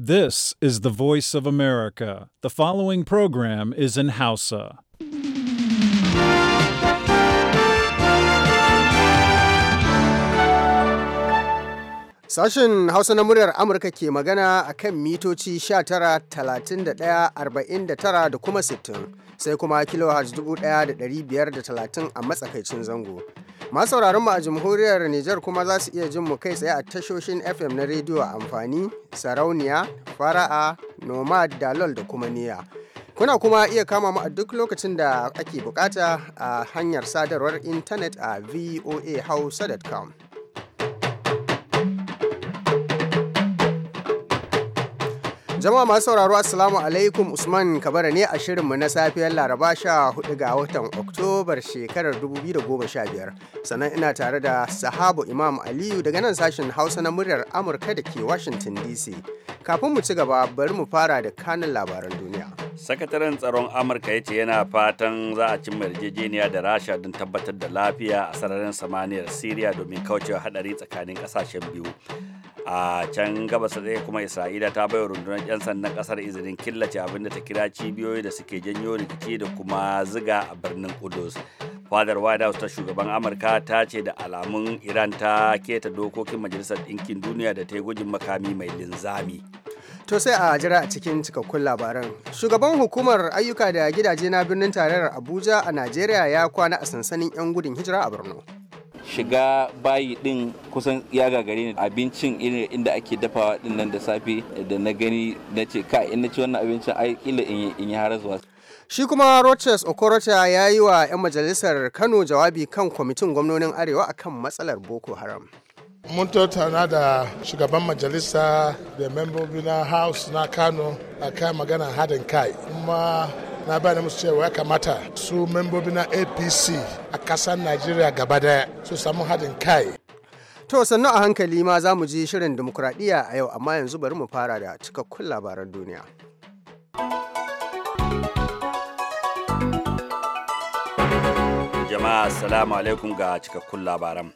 This is the voice of America. The following program is in Hausa. Sashen Hausa na muryar Amurka ke magana a kan mitoci 19,31,49 da kuma 60, sai kuma kilohertz 1,530 a matsakaicin zango. sauraron mu a jamhuriyar Nijar kuma za su iya jin mu kai tsaye a tashoshin FM na rediyo amfani, sarauniya, fara'a, nomad, dalol da kuma niya. Kuna kuma iya kama mu a duk lokacin da ake bukata a hanyar sadarwar intanet a voahausa.com. Jama'a masu sauraro Assalamu alaikum Usman Kabara ne a shirinmu na safiyar Laraba 14 ga watan Oktobar shekarar 2015. Sannan ina tare da Sahabu Imam Aliyu daga nan sashen Hausa na muryar Amurka da ke Washington DC. Kafin mu ci gaba bari mu fara da kanin labaran duniya. Sakataren tsaron Amurka ya ce yana fatan za a cimma yarjejeniya da Rasha don tabbatar da lafiya a sararin samaniyar Siriya domin kaucewa hadari tsakanin kasashen biyu. a can gabas da kuma isra'ila ta baiwa rundunar 'yan sandan kasar izinin killace abin da ta kira cibiyoyi da suke janyo rikici da kuma ziga a birnin kudus fadar white house ta shugaban amurka ta ce da alamun iran ta keta dokokin majalisar ɗinkin duniya da ta yi gujin makami mai linzami To sai a jira a cikin cikakkun labaran. Shugaban hukumar ayyuka da gidaje na birnin tarayyar Abuja a Najeriya ya kwana a sansanin 'yan gudun hijira a Borno. shiga bayi din kusan ya gagare ni abincin inda ake dafawa din nan da safe da na gani na ce ka in na ci wannan abincin ai kila in yi har zuwa Shi kuma Rochas Okorocha ya yi wa 'yan majalisar Kano jawabi kan kwamitin gwamnonin Arewa akan matsalar Boko Haram. mun tattauna da shugaban majalisa da membobi na house na kano a kan magana haɗin kai kuma na na musu cewa ya kamata su membobi na apc a kasar nigeria gaba daya su samu haɗin kai to sannu a hankali ma za mu ji shirin demokuraɗiyya a yau amma yanzu bari mu fara da cikakkun labaran duniya jama'a assalamu alaikum ga cikakkun labaran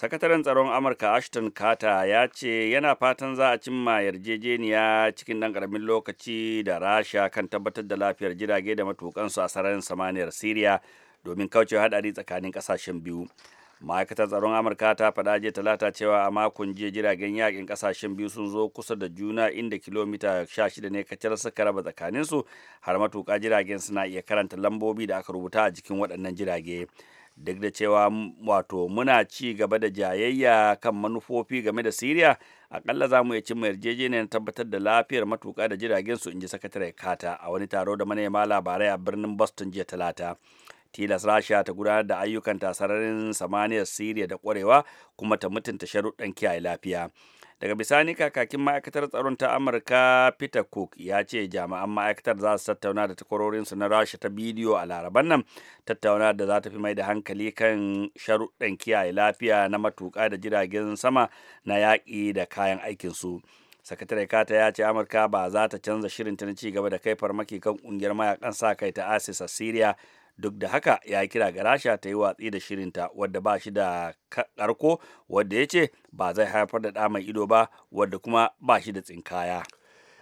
sakataren tsaron amurka ashton carter ya ce yana fatan za a cimma yarjejeniya cikin ɗan ƙaramin lokaci da rasha kan tabbatar da lafiyar jirage da matukansu a sararin samaniyar syria domin kauce haɗari tsakanin ƙasashen biyu ma'aikatar tsaron amurka ta faɗa jiya talata cewa a makon jiya jiragen yakin kasashen biyu sun zo kusa da juna inda kilomita 16 ne kacal suka raba tsakaninsu har matuka jiragen suna iya karanta lambobi da aka rubuta a jikin waɗannan jirage duk da cewa wato muna ci gaba da jayayya kan manufofi game da siriya akalla za mu iya cimma yarjejeniyar tabbatar da lafiyar matuka da jiragen su ji sakatare kata a wani taro da manema labarai a birnin boston jiya talata tilas rasha ta gudanar da ayyukan tasararin samaniyar siriya da kwarewa kuma ta mutunta sharuɗan kiyaye lafiya daga bisani kakakin ma'aikatar tsaron ta amurka peter cook ya ce jami'an ma'aikatar za su tattauna da takwarorinsu na rasha ta bidiyo a laraban nan tattauna da za ta fi mai da hankali kan sharuɗan kiyaye lafiya na matuƙa da jiragen sama na yaƙi da kayan aikinsu sakatare kata ya ce amurka ba za ta canza shirinta na ci gaba da kai farmaki kan ƙungiyar mayakan sa kai ta asis a syria duk da haka ya kira ga rasha ta yi watsi da shirinta wadda ba shi da karko wadda ya ce ba zai haifar da ɗa mai ido ba wadda kuma ba shi da tsinkaya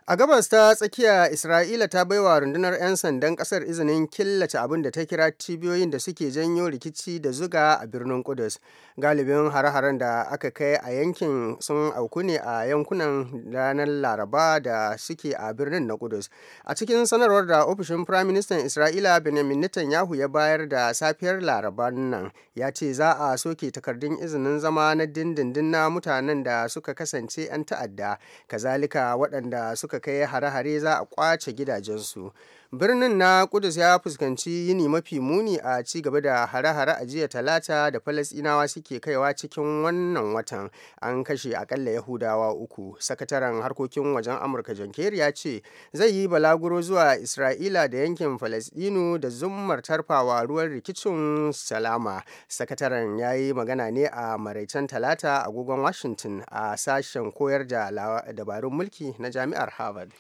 A gabas ta tsakiya Isra'ila ta baiwa rundunar 'yan sandan kasar izinin killace abin da ta kira cibiyoyin da suke janyo rikici da zuga a birnin Kudus. Galibin hare-haren da aka kai a yankin sun auku ne a yankunan ranar Laraba da suke a birnin na Kudus. A cikin sanarwar da ofishin Firaministan Isra'ila Benjamin Netanyahu ya bayar da safiyar Laraba nan ya ce za a soke takardun izinin zama na dindindin na mutanen da suka kasance 'yan ta'adda, kazalika waɗanda suka suka kai hare-hare za a kwace gidajensu birnin na kudus ya fuskanci yini mafi muni a ci gaba da hare-hare a jiya talata da falasinawa suke kaiwa cikin wannan watan an kashe akalla yahudawa uku sakataren harkokin wajen amurka john kerry ya ce zai yi balaguro zuwa isra'ila da yankin falasɗinu da zummar tarfawa ruwan rikicin salama sakataren ya yi magana ne a maraicen talata agogon washington a sashen koyar da dabarun mulki na jami'ar harvard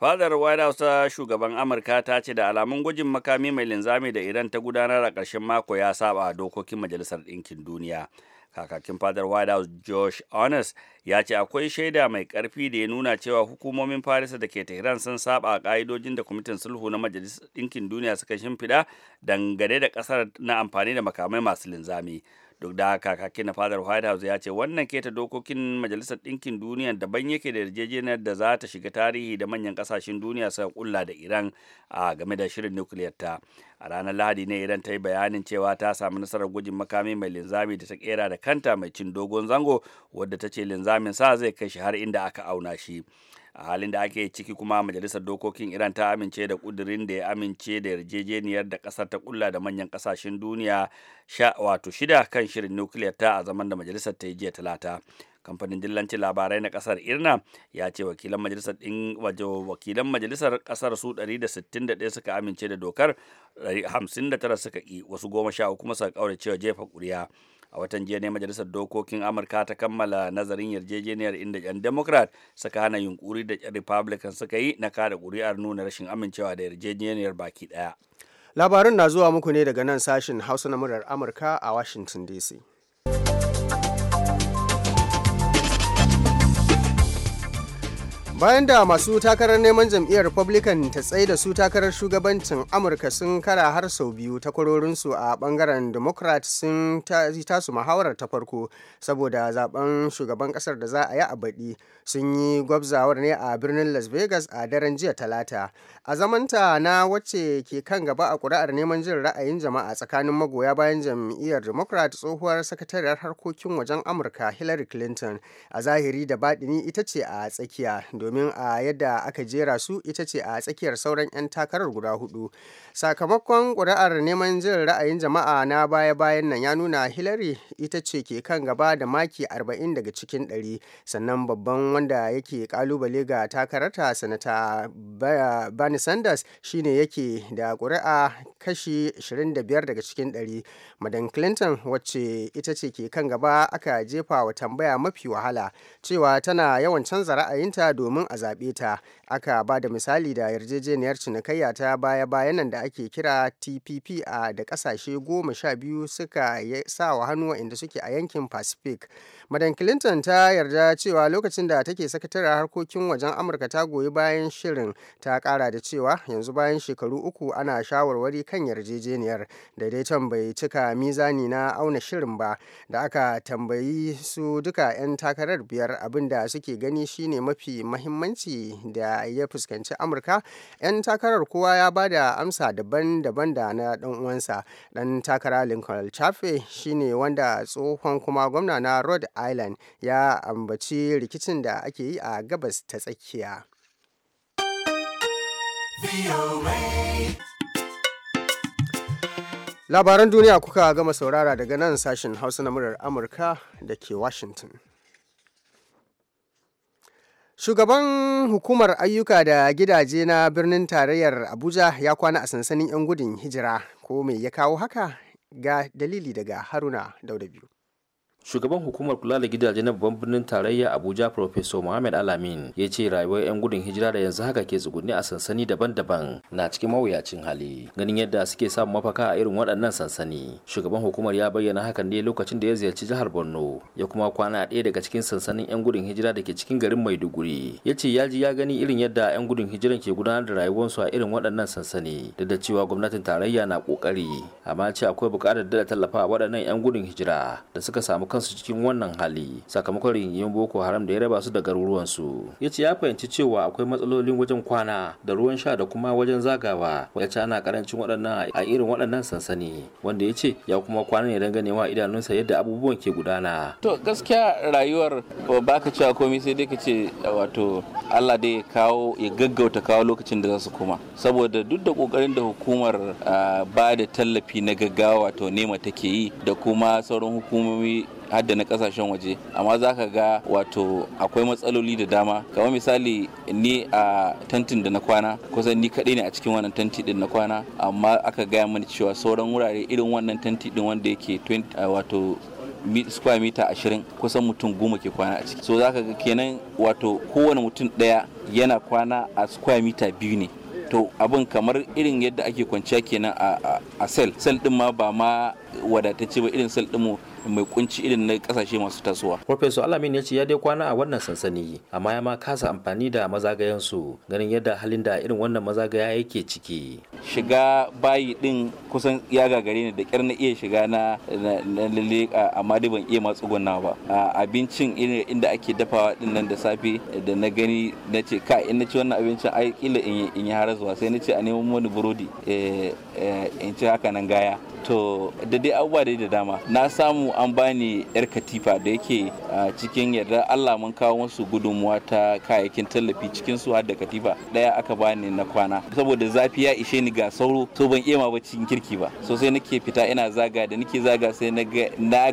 fadar white house shugaban amurka ta ce da alamun gwajin makami mai linzami da iran ta gudanar a ƙarshen mako ya saba dokokin majalisar ɗinkin duniya kakakin fadar white house josh honest ya ce akwai shaida mai karfi da ya nuna cewa hukumomin paris da ke tehran sun saba a ka'idojin da kwamitin sulhu na majalisar ɗinkin duniya suka shimfiɗa dangane da ƙasar na amfani da makamai masu linzami duk da haka kakin na fadar white house ya ce wannan keta dokokin majalisar ɗinkin duniya daban yake da yarjejeniyar da za ta shiga tarihi da manyan ƙasashen duniya suka kulla da iran a game da shirin nukiliyar ta a ranar lahadi ne iran ta yi bayanin cewa ta samu nasarar gwajin makami mai linzami da ta kera da kanta mai cin dogon zango wadda ta ce linzamin sa zai kai shi har inda aka auna shi a halin da ake ciki kuma majalisar dokokin iran ta amince da kudirin da ya amince da yarjejeniyar da kasar ta kulla da manyan kasashen duniya sha wato shida kan shirin nukiliyar ta a zaman da majalisar ta yi jiya talata kamfanin dillancin labarai na kasar irna ya ce wakilan majalisar din wakilan majalisar kasar su 161 suka amince da dokar 59 suka ki wasu goma sha kuma suka kaurace cewa jefa kuri'a a watan jiya ne majalisar dokokin amurka ta kammala nazarin yarjejeniyar inda 'yan democrat suka hana yunkuri da 'yan republican suka yi na kada kuri'ar nuna rashin amincewa da yarjejeniyar baki daya labarin na zuwa muku ne daga nan sashin hausa na murar amurka a washington dc bayan da masu takarar neman jam'iyyar republican ta tsaye da su takarar shugabancin amurka sun kara har sau biyu takwarorinsu a bangaren democrat sun tasu mahawarar ta farko saboda zaben shugaban kasar da za a yi a baɗi sun yi gwabzawar ne a birnin las vegas a daren jiya talata a zamanta na wacce ke kan gaba a kuri'ar neman jin ra'ayin jama'a tsakanin magoya bayan jam'iyyar democrat tsohuwar sakatariyar harkokin wajen amurka hillary clinton a zahiri da baɗini ita ce a tsakiya domin a yadda aka jera su ita ce a tsakiyar sauran 'yan takarar guda hudu sakamakon kuri'ar neman jin ra'ayin jama'a na baya-bayan nan ya nuna hillary ita ce ke kan gaba da maki 40 daga cikin 100 sannan babban wanda yake kalubale ga takararta sanata bernie sanders shine yake da kuri'a kashi 25 daga cikin 100 madam clinton wacce ita ce ke kan gaba aka jefa wa tambaya mafi wahala cewa tana yawan canza ra'ayinta domin domin a zaɓe ta aka ba da misali da yarjejeniyar cinikayya ta baya-bayan nan da ake kira tpp a da ƙasashe goma sha biyu suka sa wa hannu inda suke a yankin pacific madan clinton ta yarda cewa lokacin da take sakataren harkokin wajen amurka ta goyi bayan shirin ta kara da cewa yanzu bayan shekaru uku ana shawarwari kan yarjejeniyar daidaiton bai cika mizani na auna shirin ba da aka tambayi su duka 'yan takarar biyar abinda suke gani shine mafi mahimmanci mahimmanci da ya fuskanci amurka 'yan takarar kowa ya ba da amsa daban-daban da na dan uwansa dan takara lincoln chafe shine wanda tsohon kuma gwamna na rhode island ya ambaci rikicin da ake yi a gabas ta tsakiya labaran duniya kuka gama saurara daga nan sashen hausa na murar amurka da ke washington Shugaban hukumar ayyuka da gidaje na birnin tarayyar Abuja ya kwana a sansanin 'yan gudun hijira ko mai ya kawo haka ga dalili daga Haruna Daudabiyu. biyu. shugaban hukumar kula da gidaje na babban birnin tarayya abuja professor mohammed alamin ya ce rayuwar 'yan gudun hijira da yanzu haka ke tsugunni a sansani daban-daban na cikin mawuyacin hali ganin yadda suke samun mafaka a irin waɗannan sansani shugaban hukumar ya bayyana hakan ne lokacin da ya ziyarci jihar borno ya kuma kwana ɗaya daga cikin sansanin 'yan gudun hijira da ke cikin garin maiduguri ya ce ya ji ya gani irin yadda 'yan gudun hijiran ke gudanar da rayuwarsu a irin waɗannan sansani duk da cewa gwamnatin tarayya na ƙoƙari amma ce akwai buƙatar da tallafa waɗannan 'yan gudun hijira da suka samu kansu cikin wannan hali sakamakon rigingimin boko haram da ya raba su da garuruwansu ya ce ya fahimci cewa akwai matsalolin wajen kwana da ruwan sha da kuma wajen zagawa wanda ta ana karancin waɗannan a irin waɗannan sansani wanda ya ce ya kuma kwana ne don ganewa idanunsa yadda abubuwan ke gudana to gaskiya rayuwar ba ka cewa komai sai dai kace wato allah dai kawo ya gaggauta kawo lokacin da za su koma saboda duk da kokarin da hukumar ah, ba da tallafi na gaggawa wato nema take yi da kuma sauran hukumomi hadda na kasashen waje amma za ka ga wato akwai matsaloli da dama kamar misali ni a tantin da na kwana kusan ni kaɗai ne a cikin wannan tanti din na kwana amma aka gaya mani cewa sauran wurare irin wannan tanti din wanda yake wato square mita ashirin kusan mutum goma ke kwana a ciki so za ka ga kenan wato kowane mutum ɗaya yana kwana a square mita biyu ne to abin kamar irin yadda ake kwanciya kenan a sel sel din ma ba ma wadatacce ba irin sel mai kunci irin na kasashe masu tasowa. Profesor Alamin ya ce ya dai kwana a wannan sansani amma ya ma kasa amfani da mazagayansu su ganin yadda halin da irin wannan mazagaya yake ciki. Shiga bayi din kusan ya gagare ni da kyar na iya shiga na lalle amma dai ban iya matsuguna ba. Abincin inda ake dafawa din nan da safe da na gani na ce ka in na ci wannan abincin ai kila in yi zuwa sai na ce a neman wani burodi eh, eh, in ci haka nan gaya. To da dai abubuwa dai da dama na samu an bani yar katifa da yake cikin yarda allah mun kawo musu gudunmuwa ta kayayyakin tallafi cikin su har da katifa ɗaya aka bani na kwana saboda zafi ya ishe ni ga sauro to ban iya ma bacin kirki ba sosai sai nake fita ina zaga da nake zaga sai na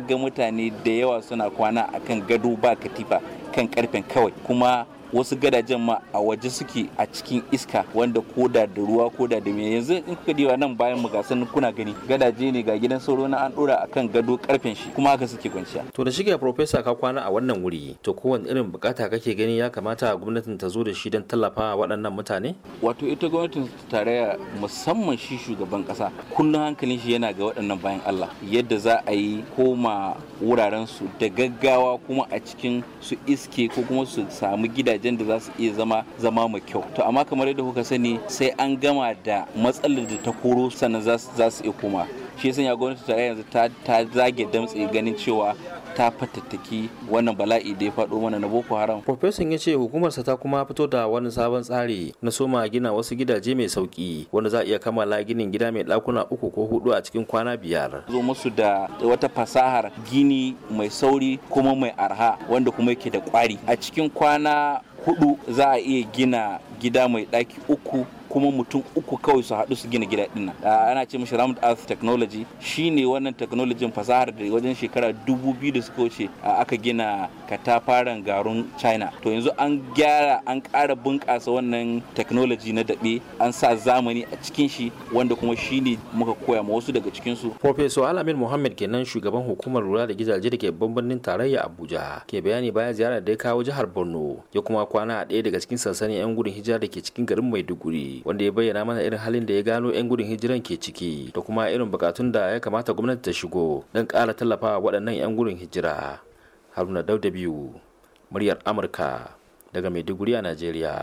ga mutane da yawa suna kwana akan gado ba katifa kan karfen kawai kuma wasu gadajen ma a waje suke a cikin iska wanda koda da ruwa koda da me yanzu in kuka diba nan bayan mu gasan kuna gani gadaje ne ga gidan sauro na an dora akan gado karfen shi kuma haka suke kwanciya to da shige professor ka kwana a wannan wuri to kowane irin bukata kake gani ya kamata gwamnatin ta zo da shi don tallafa waɗannan mutane wato ita gwamnatin tarayya musamman shi shugaban kasa kullum hankalin shi yana ga waɗannan bayan Allah yadda za a yi koma wuraren su da gaggawa kuma a cikin su iske ko kuma su samu gida. gidajen da za su iya zama zama mai kyau to amma kamar yadda kuka sani sai an gama da matsalar da ta koro sannan za su iya koma shi sanya gwamnati tare yanzu ta zage damtse ganin cewa ta fatattaki wannan bala'i da ya faɗo mana na boko haram profesan ya ce hukumarsa ta kuma fito da wani sabon tsari na soma gina wasu gidaje mai sauki wanda za a iya kammala ginin gida mai ɗakuna uku ko hudu a cikin kwana biyar zo musu da wata fasahar gini mai sauri kuma mai arha wanda kuma yake da kwari a cikin kwana hudu za a iya gina gida mai ɗaki uku kuma mutum uku kawai su haɗu su gina gida dinnan ah, ana ce mishi Ramd Earth Technology shine wannan technology fasahar da wajen shekara dubu biyu da suka wuce a ah, aka gina katafaren garun China to yanzu an gyara an ƙara bunƙasa wannan technology na daɓe an sa zamani a cikin shi wanda kuma shine muka koya ma wasu daga cikin su Professor Alamin Muhammad kenan shugaban hukumar lura da gidaje da ke birnin tarayya Abuja ke bayani bayan ziyarar da ya kawo jihar Borno ya kuma kwana a ɗaya daga cikin sansanin 'yan gudun hijira da ke cikin garin Maiduguri wanda ya bayyana mana irin halin da ya gano 'yan gudun hijiran ke ciki da kuma irin bukatun da ya kamata gwamnati ta shigo don ƙara tallafa waɗannan 'yan gudun hijira haruna dauda biyu muryar amurka daga maiduguri a najeriya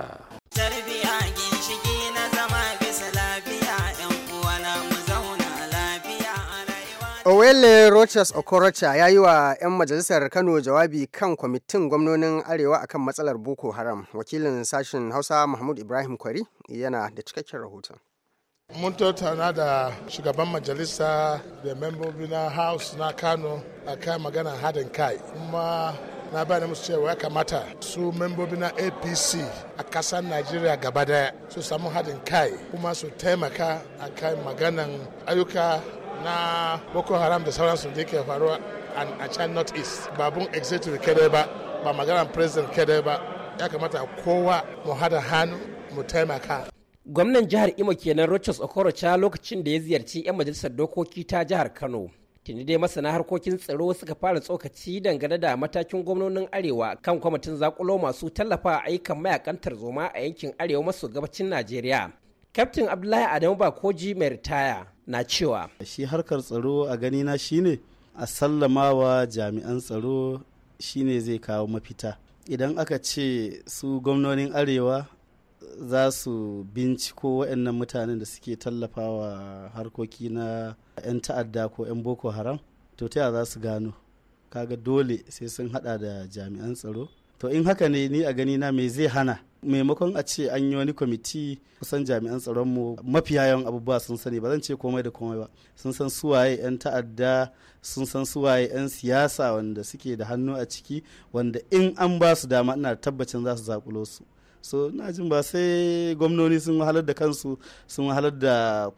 Owele Rochas Okorocha ya yi wa 'yan majalisar Kano jawabi kan kwamitin gwamnonin Arewa akan matsalar Boko Haram. Wakilin sashen Hausa Mahmud Ibrahim Kwari yana da cikakken rahoton. mun tattauna da shugaban majalisa da membobi na house na kano a kan magana hadin kai kuma na bayan musu cewa ya kamata su membobi na apc a kasar najeriya gaba daya su samu hadin kai kuma su taimaka a kan maganan ayyuka na boko haram da sauransu da ke faruwa a can north east babun executive kadai ba ba magana president kadai ba ya kamata kowa mu hada hannu mu taimaka gwamnan jihar imo kenan rochas okorocha lokacin da ya ziyarci 'yan majalisar dokoki ta jihar kano tuni dai masana harkokin tsaro suka fara tsokaci dangane da matakin gwamnonin arewa kan kwamitin zakulo masu tallafa ayyukan mayakan tarzoma a yankin arewa maso gabacin najeriya kaftin abdullahi adamu bakoji mai ritaya na cewa shi harkar tsaro a ganina na shine a sallamawa jami'an tsaro shine zai kawo mafita idan aka ce su gwamnonin arewa za su binciko waɗannan mutanen da suke tallafawa harkoki na 'yan ta'adda ko 'yan boko haram to ta za su gano kaga dole sai sun hada da jami'an tsaro to in haka ne ni a ganina na me zai hana maimakon a ce an yi wani kwamiti kusan jami'an tsaron mu mafiya yawan abubuwa sun sani ba zan ce komai da komai ba sun san suwaye 'yan ta'adda sun san suwaye 'yan siyasa wanda suke da hannu a ciki wanda in an ba su dama ina tabbacin za su zakulo su so na jin ba sai gwamnoni sun wahalar da kansu sun wahalar da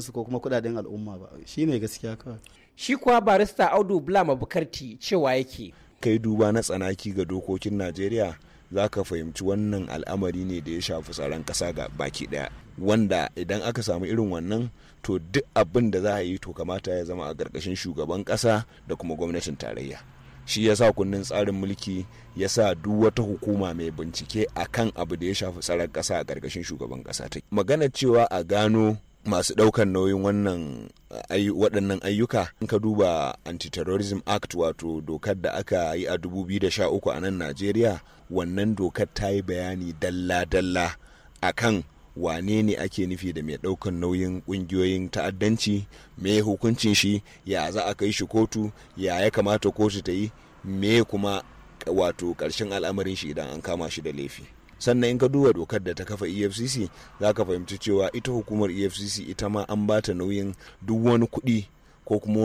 su ko kuma kudaden al'umma ba shine gaskiya kawai shi kuwa barista audu bulama bukarti cewa yake kai duba na tsanaki ga dokokin najeriya za ka fahimci wannan al'amari ne da ya shafi tsaron ƙasa ga baki ɗaya wanda idan aka samu irin wannan to duk abin da za a yi to kamata ya zama a ƙarƙashin shugaban ƙasa da kuma gwamnatin tarayya shi ya sa kundin tsarin mulki ya sa duk wata hukuma mai bincike a kan abu da ya shafi tsaron ƙasa a ƙarƙashin shugaban ƙasa ta magana cewa a gano masu ɗaukan nauyin wannan eh, waɗannan ayyuka in ka duba anti-terrorism act wato dokar da aka yi a 2013 a nan najeriya wannan dokar ta yi bayani dalla-dalla a kan wane ne ake nufi da mai ɗaukan nauyin ƙungiyoyin ta'addanci me hukuncin shi ya za a kai shi kotu ya ya kamata kotu ta yi me kuma wato ƙarshen al'amarin shi idan an kama shi da laifi sannan in ka duba dokar da ta kafa efcc za ka fahimci cewa ita hukumar efcc ita ma an bata nauyin duk wani kuɗi ko kuma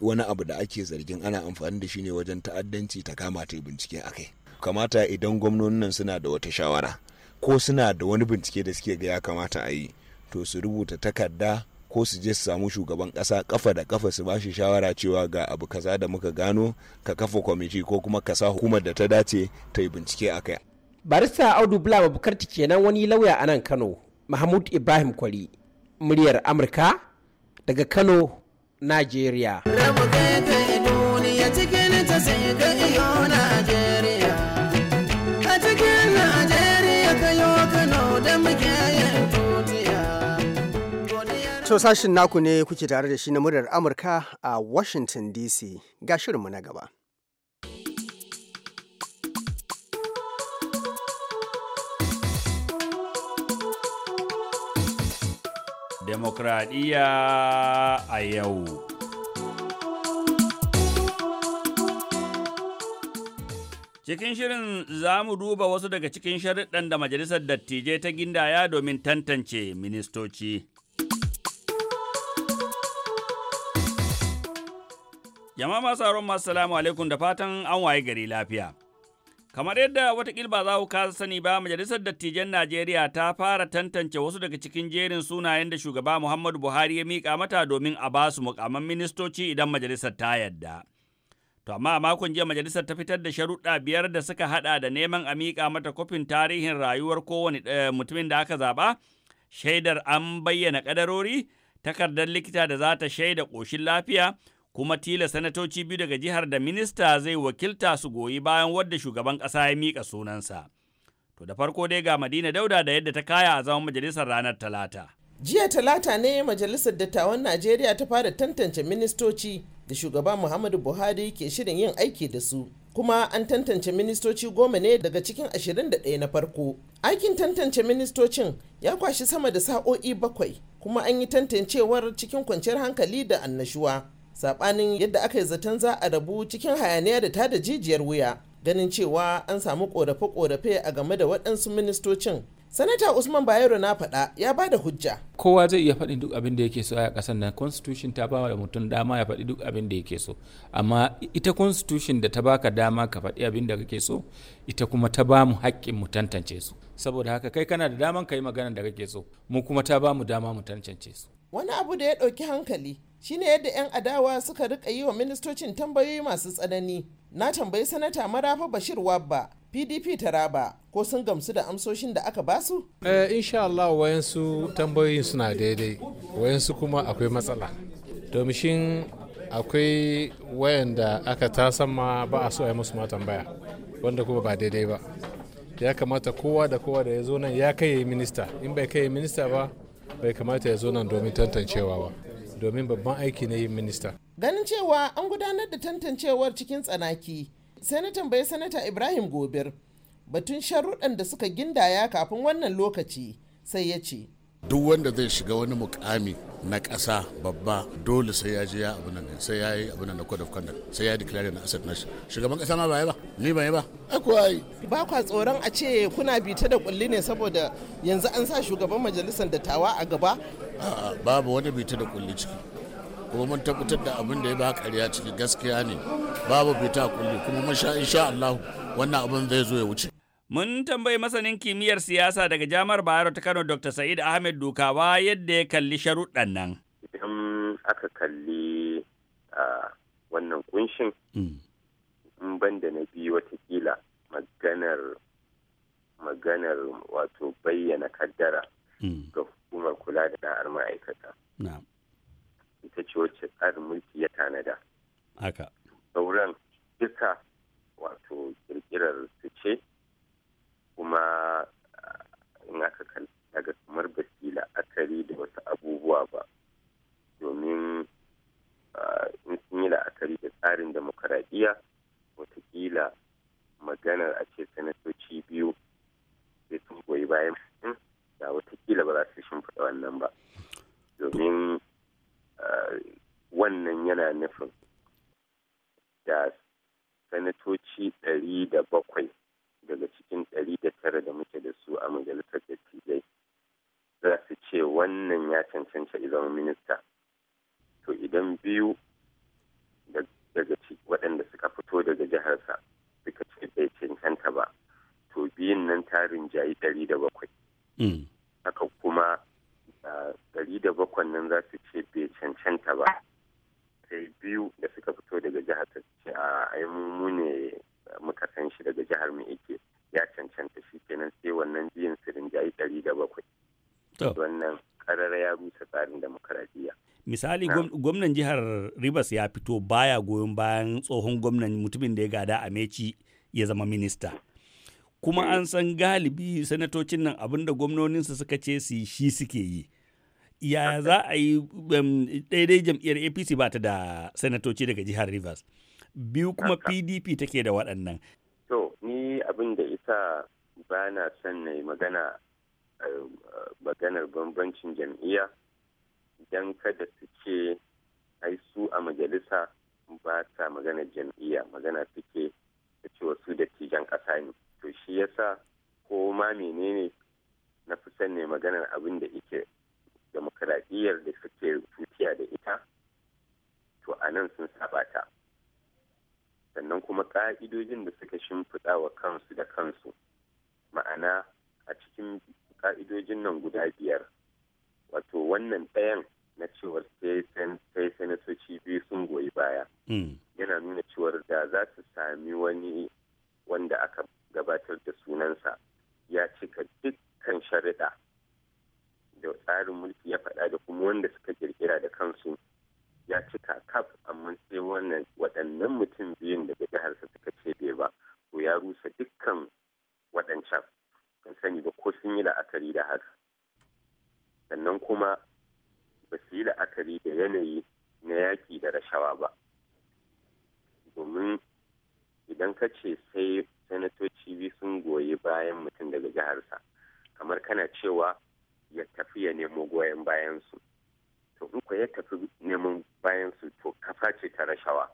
wani abu da ake zargin ana amfani da shi ne wajen ta'addanci ta kama ta bincike a kai kamata idan gwamnonin nan suna da wata shawara ko suna da wani bincike da suke ga ya kamata a yi to su rubuta takarda ko su je su samu shugaban kasa kafa da kafa su bashi shawara cewa ga abu kaza da muka gano ka kafa kwamiti ko kuma kasa hukumar da ta dace ta yi bincike a kai barista audu bula babukarti kenan wani lauya a nan kano mahmud ibrahim kwari muryar amurka daga kano nigeria To sashin naku ne kuke tare da shi na muryar Amurka a Washington DC ga shirinmu na gaba. demokradiyya a yau. Cikin shirin za mu duba wasu daga cikin sharuɗan da Majalisar Dattijai ta gindaya domin tantance ministoci. Jama'a masu masu salamu alaikum da fatan an waye gari lafiya. Kamar yadda watakil ba za ku kasa sani ba, Majalisar Dattijan Najeriya ta fara tantance wasu daga cikin jerin sunayen da shugaba Muhammadu Buhari ya mika mata domin a ba su mukamman ministoci idan majalisar ta yadda. To amma a makon jiya majalisar ta fitar da sharuɗa biyar da suka haɗa da neman a mika mata kofin tarihin rayuwar kowane eh, mutumin da aka zaɓa, shaidar an bayyana ƙadarori, takardar likita da za ta shaida ƙoshin lafiya, kuma tila sanatoci biyu daga jihar da minista zai wakilta su goyi bayan wadda shugaban ƙasa ya miƙa sunansa. To da farko dai ga Madina Dauda da yadda ta kaya a zaman majalisar ranar Talata. Jiya Talata ne majalisar dattawan Najeriya ta fara tantance ministoci da shugaba Muhammadu Buhari ke shirin yin aiki da su. Kuma an tantance ministoci goma ne daga cikin ashirin da 21 na farko. Aikin tantance ministocin ya kwashi sama da sa'o'i bakwai kuma an yi tantancewar cikin kwanciyar hankali da annashuwa. sabanin yadda aka yi zaton za a rabu cikin hayaniya da tada jijiyar wuya ganin cewa an samu korafe-korafe a game da waɗansu ministocin sanata usman bayero na faɗa ya ba da hujja kowa zai iya faɗi duk abin da yake so a ƙasar nan constitution ta ba da mutum dama ya faɗi duk abin da yake so amma ita constitution da ta baka dama ka faɗi abin da kake so ita kuma ta ba mu haƙƙin mu tantance su saboda haka kai kana da daman ka yi magana da kake so mu kuma ta ba mu dama mu tantance su wani abu da ya ɗauki hankali shine yadda 'yan adawa suka rika yi wa ministocin tambayoyi masu tsanani na tambayi sanata marafa bashir wabba pdp taraba ko sun gamsu da amsoshin da aka basu? Eh, insha Allah wayansu tambayoyin suna daidai wayansu kuma akwai matsala domin akwai wayan da aka sama ba a so a yi musu ma tambaya wanda kuma ba daidai ba ya kamata kowa da kowa da ya zo nan ya kai minista in bai kai minista ba bai kamata ya zo nan domin tantancewa ba domin babban aiki na yin minista ganin cewa an gudanar da tantancewar cikin tsanaki sai na tambayi sanata ibrahim gobir batun sharuɗan da suka gindaya kafin wannan lokaci sai ya ce duk wanda zai shiga wani mukami na ƙasa babba dole sai ya je ya abu nan sai ya yi abu nan na code of conduct sai ya declare na asset nashi shugaban ƙasa ma ba ya ba ni ba ya ba akwai ba kwa tsoron a ce kuna bita da kulli ne saboda yanzu an sa shugaban majalisar dattawa a gaba a'a babu wani bita da kulli ciki kuma mun tabbatar da abin da ya ba ƙarya ciki gaskiya ne babu bita kulli kuma mun sha insha Allah wannan abin zai zo ya wuce Mun tambayi masanin kimiyyar siyasa daga Jamar Bayero ta Kano Dr. Sa'id Ahmed Dukawa yadda ya kalli sharuɗan nan. Idan aka kalli wannan kunshin, hmm. in ban da na biyu watakila maganar maganar wato bayyana kaddara hmm. ga hukumar kula da da'ar ma'aikata. Ita ce wacce tsarin mulki ya tanada. Sauran duka wato kirkirar jihar mai ake ya cancanta shi kenan sai wannan jiyan sirin rinjayi ɗari da bakwai. Wannan ya rusa tsarin demokaradiyya. Misali gwamnan jihar Rivers ya fito baya goyon bayan tsohon gwamnan mutumin da ya gada a Meci ya zama minista. Kuma eh. an san galibi sanatocin nan abinda gwamnoninsu suka ce su shi suke yi. Ya za a yi daidai jam'iyyar APC ba ta da sanatoci daga jihar Rivers. Biyu kuma PDP take da waɗannan. abin da isa ba na son na yi magana eh, maganar bambancin jam'iyya don kada su ce ai su a majalisa ba ta magana jam'iyya magana suke cewa su wasu dattijan ƙasa ne to shi yasa ko ma menene na fi son ne maganar abin da ike demokradiyyar da suke ƙa'idojin da suka shimfiɗa wa kansu da kansu ma'ana a cikin ka'idojin nan guda biyar wato wannan ɗayan na cewar sai sanatoci biyu sun goyi baya hmm. yana nuna cewar da za su sami wani wanda aka gabatar da sunansa ya cika dukkan sharaɗa da tsarin mulki ya faɗa da kuma wanda suka kirkira da kansu ya cika kaf amma sai wannan waɗannan mutum biyun daga jiharsa suka ce bai ba ko ya rusa dukkan waɗancan ban sani ba ko sun yi la'akari da haka sannan kuma ba su yi la'akari da yanayi na yaƙi da rashawa ba domin idan ka ce sai sanatoci biyu sun goyi bayan mutum daga jiharsa kamar kana cewa ya tafi ya nemo goyon bayansu to in ya tafi neman bayan su to kasa ce ta rashawa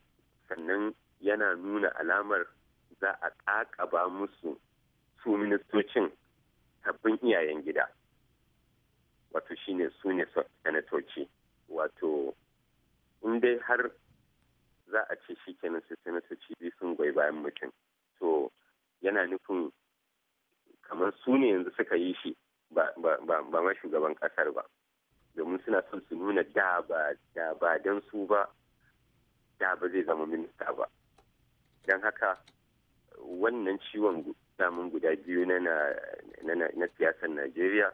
sannan yana nuna alamar za a ƙaƙaba musu su ministocin sabbin iyayen gida wato shine su ne sanatoci wato in dai har za a ce shi kenan su sanatoci biyu sun goyi bayan mutum to yana nufin kamar su ne yanzu suka yi shi ba ma shugaban kasar ba domin suna son su nuna da ba da ba don su ba da ba zai zama minista ba don haka wannan ciwon samun guda biyu na siyasar najeriya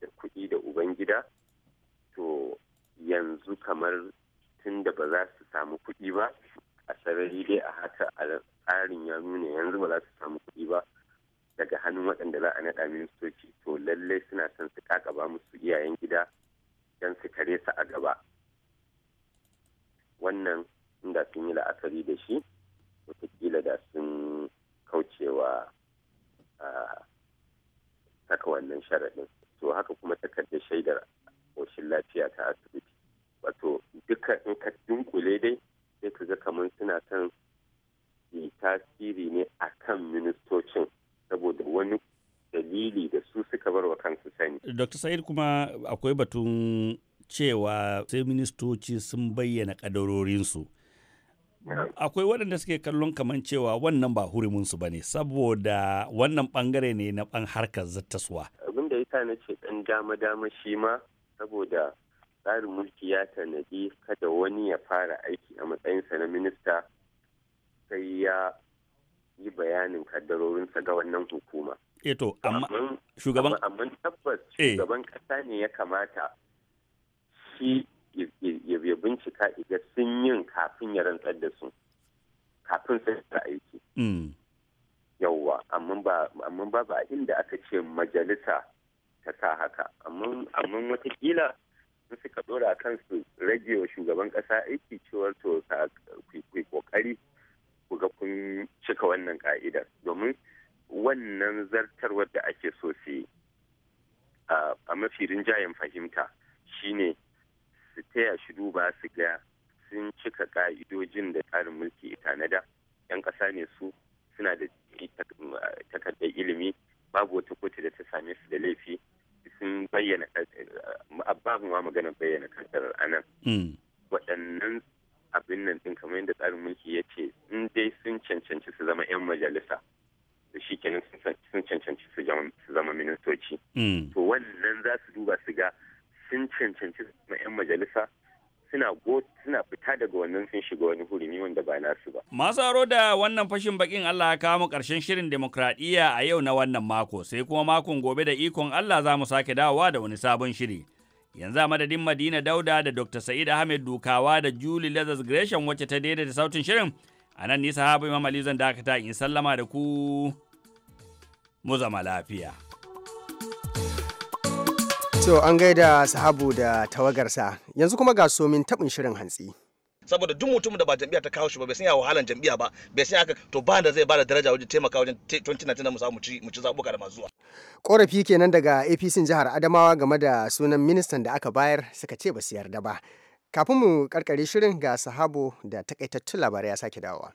da kuɗi da ubangida to yanzu kamar tun da ba za su samu kuɗi ba a sarari dai a haka a tsarin ya nuna yanzu ba za su samu kuɗi ba daga hannun waɗanda za a naɗa ministoci to lallai suna son su kakaba musu iyayen gida don su kare su a gaba wannan inda sun yi la'akari da shi wataƙila da sun kaucewa saka wannan sharaɗin to haka kuma takardar shaidar ƙoshin lafiya ta asibiti wato duka in ka dunkule dai sai ka ga kamar suna kan yi tasiri ne a kan ministocin saboda wani dalili da su suka bar wa kansu sani. Dr. Sa'id kuma akwai batun cewa sai ministoci sun bayyana kadarorinsu. Akwai waɗanda suke kallon kaman cewa wannan ba huriminsu ba ne, saboda wannan bangare ne na ɓan harkar zattaswa. Abin da ya na ce ɗan dama-dama shi ma, saboda tsarin mulki ya tanadi kada wani ya fara aiki a matsayinsa na minista sai ya yi bayanin kaddarorinsa ga wannan hukuma. eto eh amma eh. shugaban kasa ne ya kamata shi ya bincika iga sun yin kafin ya rantsar da su kafin sai ta aiki mm. yawwa amma ba ba inda aka ce majalisa ta sa haka amma watakila sun suka dora kansu rage wa shugaban kasa aiki cewar to ku kokari ku ga kun cika wannan ka'idar domin wannan zartarwar da ake so su yi a mafi rinjayen fahimta shine su taya shi duba su ga sun cika ka'idojin da tsarin mulki ita da yan ƙasa ne su suna da takardar ilimi babu wata kotu da ta same su da laifi sun bayyana babu ma maganar bayyana kaddarar anan hmm. waɗannan abin nan ɗin kamar yadda tsarin mulki ya ce in dai sun cancanci su zama 'yan majalisa Mm. to wannan za su duba su ga sun cancanci ma 'yan majalisa suna fita daga wannan sun shiga wani hurumi wanda ba nasu ba. Masu aro da wannan fashin bakin Allah ya kawo mu karshen shirin demokradiyya a yau na wannan mako sai kuma makon gobe da ikon Allah za mu sake dawowa da wani sabon shiri. Yanzu a madadin Madina Dauda da Dr. Sa'id Ahmed Dukawa da Julie Lazarus Gresham wacce ta daidaita sautin shirin a nan nisa habu Imam Ali zan dakata in sallama da ku mu zama lafiya. So an gaida sahabu da tawagarsa yanzu kuma ga somin taɓin shirin hantsi. saboda duk mutumin da ba jam'iyya ta kawo shi ba bai san ya wahalan jam'iyya ba bai san haka to ba da zai ba da daraja wajen taimaka wajen 2019 da mu samu ci mu ci zabuka da masu zuwa korafi kenan daga APC jihar Adamawa game da sunan ministan da aka bayar suka ce ba su yarda ba kafin mu karkare shirin ga sahabo da takaitattun labarai ya sake dawowa.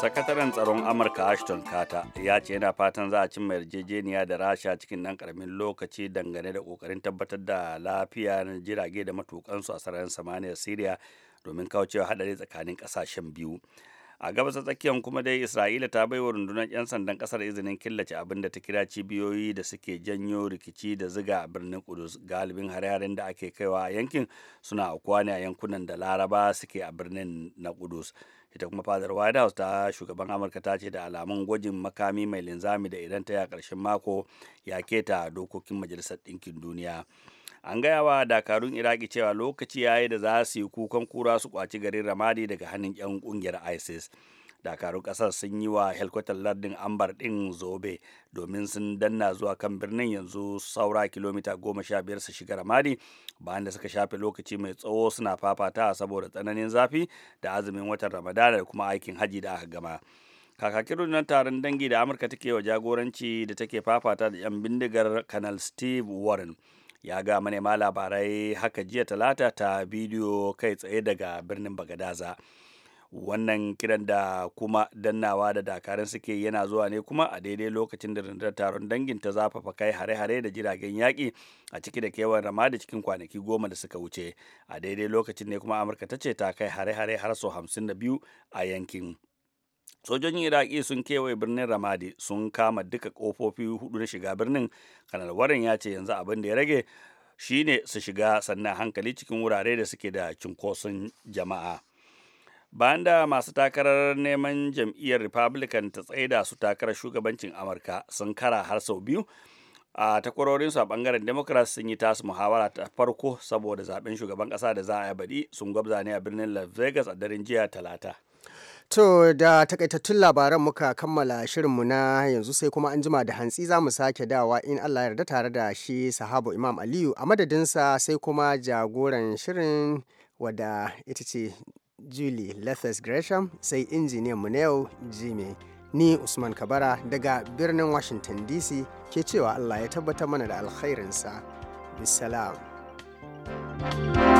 sakataren tsaron amurka ashton kata ya ce yana fatan za a cimma yarjejeniya da rasha cikin nan karamin lokaci dangane da kokarin tabbatar da lafiya na jirage da matukansu a sararin samaniyar syria domin kaucewa haɗari tsakanin ƙasashen biyu a gabas tsakiyar kuma dai isra'ila ta baiwa rundunar 'yan sandan kasar izinin killace abin da ta kira cibiyoyi da suke janyo rikici da ziga a birnin kudus galibin hare-haren da ake kaiwa a yankin suna aukuwa ne a yankunan da laraba suke a birnin na kudus ita kuma fadar white house ta shugaban amurka ta ce da alamun gwajin makami mai linzami da idan ta yi a ƙarshen mako ya keta dokokin majalisar ɗinkin duniya an gaya wa dakarun iraki cewa lokaci yayi da za su yi kukan kura su kwaci garin ramadi daga hannun 'yan ƙungiyar isis dakarun kasar sun yi wa helkwatar lardin ambar din zobe domin sun danna zuwa kan birnin yanzu saura kilomita goma sha biyar su shiga ramadi bayan da suka shafe lokaci mai tsawo suna fafata saboda tsananin zafi da azumin watan ramadana da kuma aikin haji da aka gama kakakin rundunar taron dangi da amurka take wa jagoranci da take fafata da 'yan bindigar kanal steve warren ya ga manema labarai haka jiya talata ta bidiyo kai tsaye daga birnin bagadaza wannan kiran da kuma dannawa da dakarun suke yana zuwa ne kuma a daidai lokacin da rundunar taron dangin ta zafafa kai hare-hare da jiragen yaƙi a ciki da kewan ramadi cikin kwanaki goma da suka wuce a daidai lokacin ne kuma amurka ta ce ta kai hare-hare har sau hamsin da biyu a yankin sojojin iraki sun kewaye birnin ramadi sun kama duka kofofi hudu na shiga birnin kanar warren ya ce yanzu abin da ya rage shine su shiga sannan hankali cikin wurare da suke da cinkoson jama'a bayan da masu takarar neman jam'iyyar republican ta tsaida su takarar shugabancin amurka sun kara har sau biyu a takwarorinsu a bangaren democrat sun yi tasu muhawara ta farko saboda zaben shugaban kasa da za a yi baɗi sun gwabza ne a birnin las vegas a daren jiya talata To da takaitattun labaran muka kammala shirinmu na yanzu sai kuma an jima da hantsi za mu sake dawa in Allah yarda tare da shi sahabu Imam Aliyu a madadinsa sai kuma jagoran shirin wada ita ce Julie Lethes Gresham sai injiniyan mu na yau Jimmy. Ni Usman Kabara daga birnin Washington DC ke cewa Allah ya tabbatar mana da alkhairinsa. Bisalam. thank you